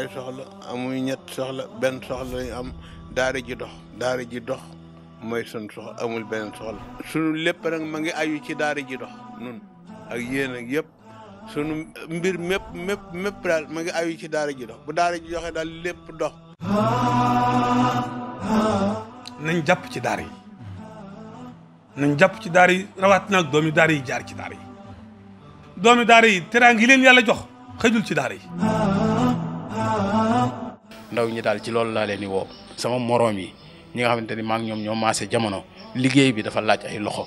ñaari soxla amuñu ñett soxla benn soxla lañu am daara ji dox daara ji dox mooy sun soxla amul beneen soxla sunu lépp nag ma ngi ayu ci daara ji dox nun ak yéen ak sunu mbir mépp mépp mépp daal ma ngi ayu ci daara ji dox bu daara ji doxee daal lépp dox nañ jàpp ci daara yi nañ jàpp ci daar yi rawaat nag doomi daara yi jaar ci daara yi doomi daara yi teraangi leen yàlla jox xëjul ci daara yi ndaw ñi daal ci loolu laa leen di woo sama moroom yi ñi nga xam xamante ni maa ngi ñoom ñoo maase jamono liggéey bi dafa laaj ay loxo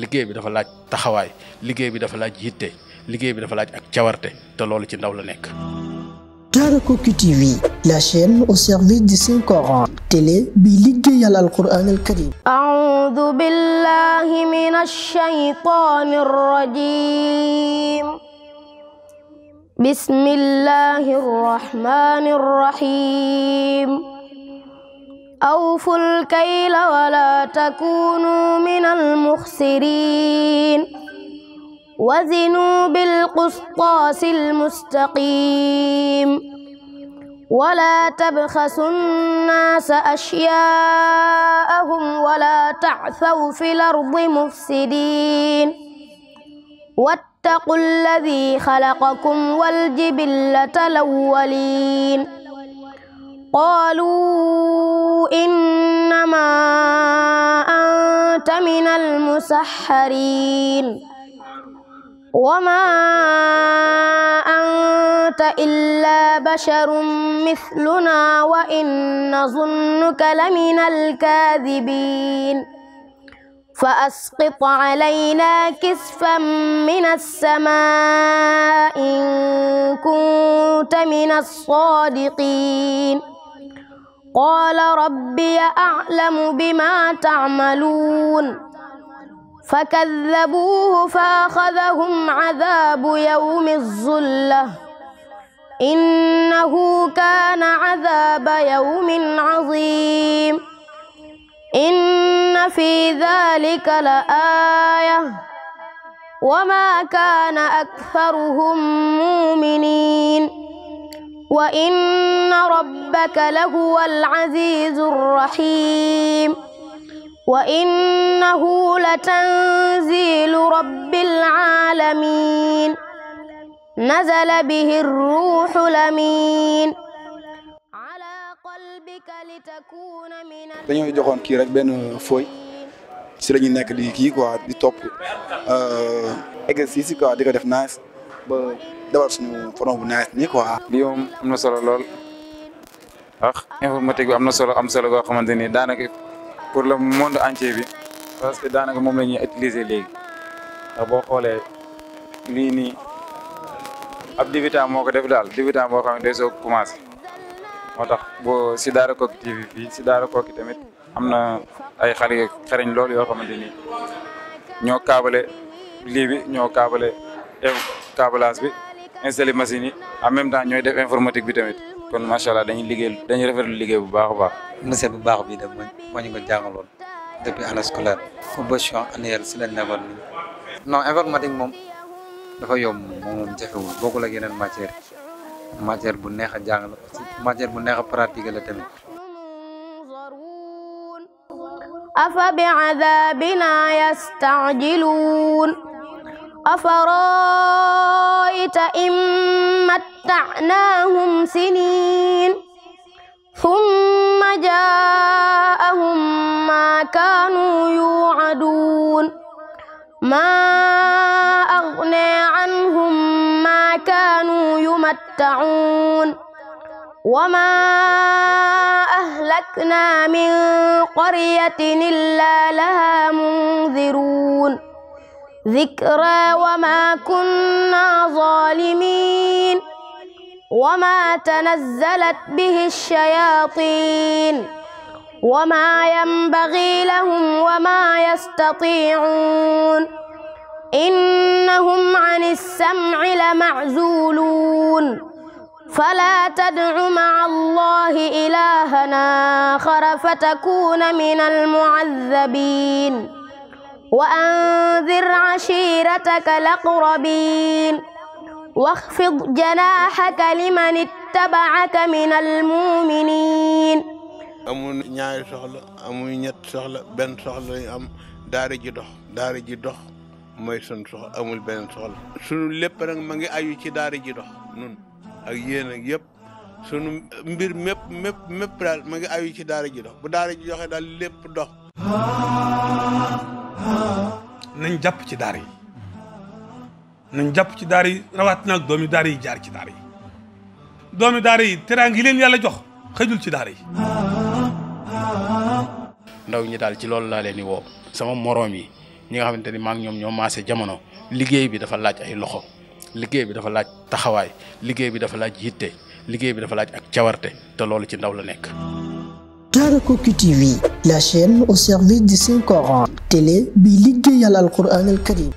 liggéey bi dafa laaj taxawaay liggéey bi dafa laaj yitte liggéey bi dafa laaj ak cawarte te loolu ci ndaw la nekk. Daarakoki TV la chaîne au service du Saint Coran télé bi liggéeyal Alquran al Karim. A'udhu billahi minash shaytanir rajim. بسم الله الرحمن الرحيم أوفوا الكيل ولا تكونوا من المخسرين وزنوا بالقسطاس المستقيم ولا تبخسوا الناس أشياءهم ولا تعثوا في الأرض مفسدين اتقوا الذي خلقكم والجبلة الأولين قالوا إنما أنت من المسحرين وما أنت إلا بشر مثلنا وإن ظنك لمن الكاذبين فأسقط علينا كسفا من السماء إن كنت من الصادقين قال ربي أعلم بما تعملون فكذبوه فأخذهم عذاب يوم الظلة إنه كان عذاب يوم عظيم إن في ذلك لآية وما كان أكثرهم مؤمنين وإن ربك لهو العزيز الرحيم وإنه لتنزيل رب العالمين نزل به الروح الأمين dañoo joxoon kii rek benn fooy si la ñu nekk di kii quoi di topp euh, exercice yi di ko def nice ba defar suñu forme bu nice nii quoi. lii moom am solo lool wax informatique bi am na solo am solo goo xamante ni daanaka pour le monde entier bi parce que daanaka moom la ñu utiliser léegi ndax boo xoolee lii nii ab divitant moo ko def daal divitant boo xam ne day soog commencé. moo tax bo si Daara Koki TV fii si Daara Koki tamit am na ay xale xereñ lool yoo xamante ni ñoo kaabale lii bi ñoo kaabale câblage bi installé machine yi en même temps ñooy def informatique bi tamit kon macha allah dañuy liggéey dañuy rafetlu liggéey bu baax a baax. monsieur bu baax bi de mooy moo ñu ko jàngaloon depuis année scolaire. promotion annuelle si lañ nekkoon nii. non informatique moom dafa yomb moom moom jafewul bokkul ak yeneen matière matière bu neex a jàng matière bu neex a pratiquer la tamit afa bi adabina yastajiluun afaraita in matta'naahum siniin summa jaa'ahum maa kaanuu yuu'aduun maa aghnaa anhum maa kaanuu yumatta'uun وما أهلكنا من قرية إلا لها منذرون ذكرى وما كنا ظالمين وما تنزلت به الشياطين وما ينبغي لهم وما يستطيعون إنهم عن السمع لمعزولون فلا تدع مع الله إلها آخر فتكون من المعذبين وأنذر عشيرتك الأقربين واخفض جناحك لمن اتبعك من المؤمنين amul ñaari soxla amul ñett soxla benn soxla lañu am daara ji dox daara ji dox mooy sun soxla amul benn soxla sunu lépp nag ma ngi ayu ci daara ji dox nun ak yéen ak yëpp sunu mbir mépp mépp mépp daal ma ci daara ji dox bu daara ji joxe daal lépp dox nañ jàpp ci daara yi nañ jàpp ci daara yi rawaat nag doomi daara yi jaar ci daara yi doomi daara yi teraangi leen yàlla jox xëjul ci daara yi ndaw ñi daal ci loolu laa leen di woo sama moroom yi ñi nga xamante ni maa ngi ñoom ñoo maase jamono liggéey bi dafa laaj ay loxo liggéey bi dafa laaj taxawaay liggéey bi dafa laaj yitte liggéey bi dafa laaj ak cawarte te loolu ci ndaw la nekk. Daarakoki TV la chaîne au service du Saint Coran télé bi liggéeyal al Quran al Karim